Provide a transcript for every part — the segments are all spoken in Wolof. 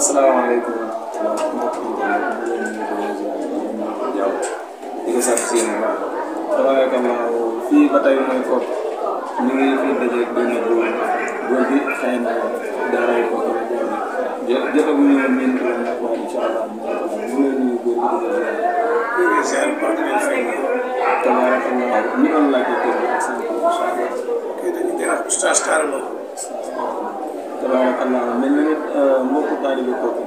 asalaamaaleykum wa rahmatulah mbokk yi di ko sant si yéen fii ba tey mooy fi daje benn góor góor bi xëy na dara yi bokk na jotaguñu woon mën nag waaye incha allah ñu ngi leen góor bi di leen ñu ngi laajte kër gi ak seen kër tabarakallah mel na nga euh, mbokku taalibe kooku.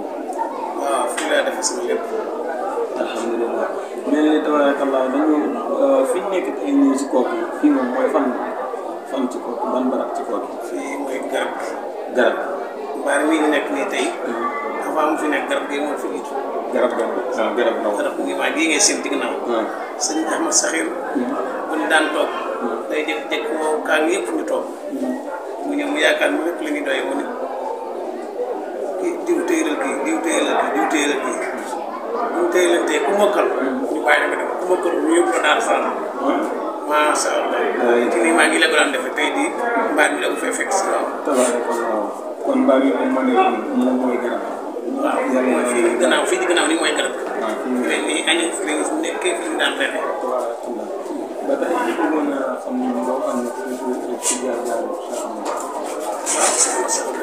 waaw fii laa defee sama lépp. alhamdulilah mel ni tabarakallah dañu euh, fi ñu nekk tey ñii ci kooku fii moom mooy fan fan ci kooku ban barab ci kooku. fii mooy garab. garab. mbaar mii nekk nii tey. Mhm. avant mu fi nekk garab gi moo fi jiitu. Ah, ngay seen ginnaaw. waaw ah. sëñ Ahmad mhm. daan toog. Mhm. day jëkk jëkk woo kaa ngi yëpp ñu toog. mu ñëw mu yaakaar ne lépp la ñuy doyee mu ne kii diw téyelal kii diw téyelal kii diw téyelal kii bu ñu téyelantee ku mokkal ñu bàyyi la ko def ku mokkal ñu yóbbu ko daal maa ngi la ko defe tey di mbaar mi la ko fekk si waaw kon mbaar yi moom man moom mooy mooy fii fii ci gannaaw fii nii añu fi ne nekkee fi ñu daan non Grazie.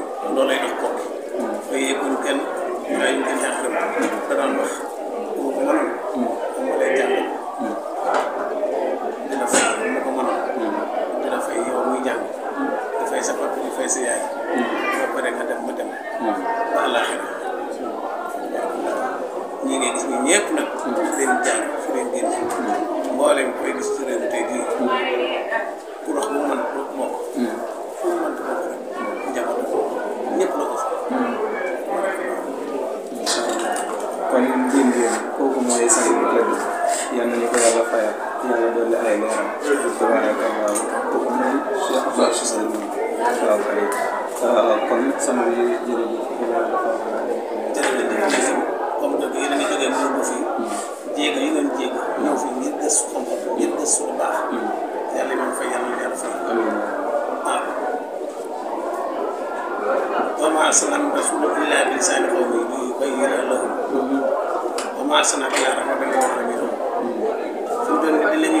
ñëpp nag leen jaar fu leen génne mboolem koy gis ci réew tey jii ku dox mu mën ko moo ko fu mu mën ko moo ko rek njaboot ñëpp la ko fa kon jén ngeen kooku mooy sang bu tëdd yal nañu ko yàlla fayal yàlla dolli ay leeram tabaraka allah kooku mooy Cheikh Abdou Sall waaw kay ah, kon sama yi jërëjëf dafa comme jóge yéen a ngi jógee mën ko fii jéego yi ngeen jéego ñëw fii ngir gëstu xam-xam ngir gëstu lu baax yàlla moom fay yàlla yàlla fay ah. waaw wama arsalnaa min rasuulin illaa bi lisaani qawmihi liyubayyina lahum wama arsalnaa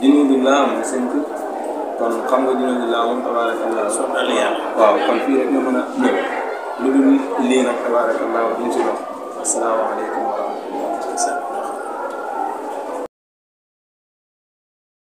junub bi laa am seen kër kon xam nga junub bi laa amoon tabaarakallaa soxla yàlla waaw kon fii rek nga mën a ñëw lu dul lii nag tabaarakallaa duñ si dox asalaamaaleykum wa rahmatulah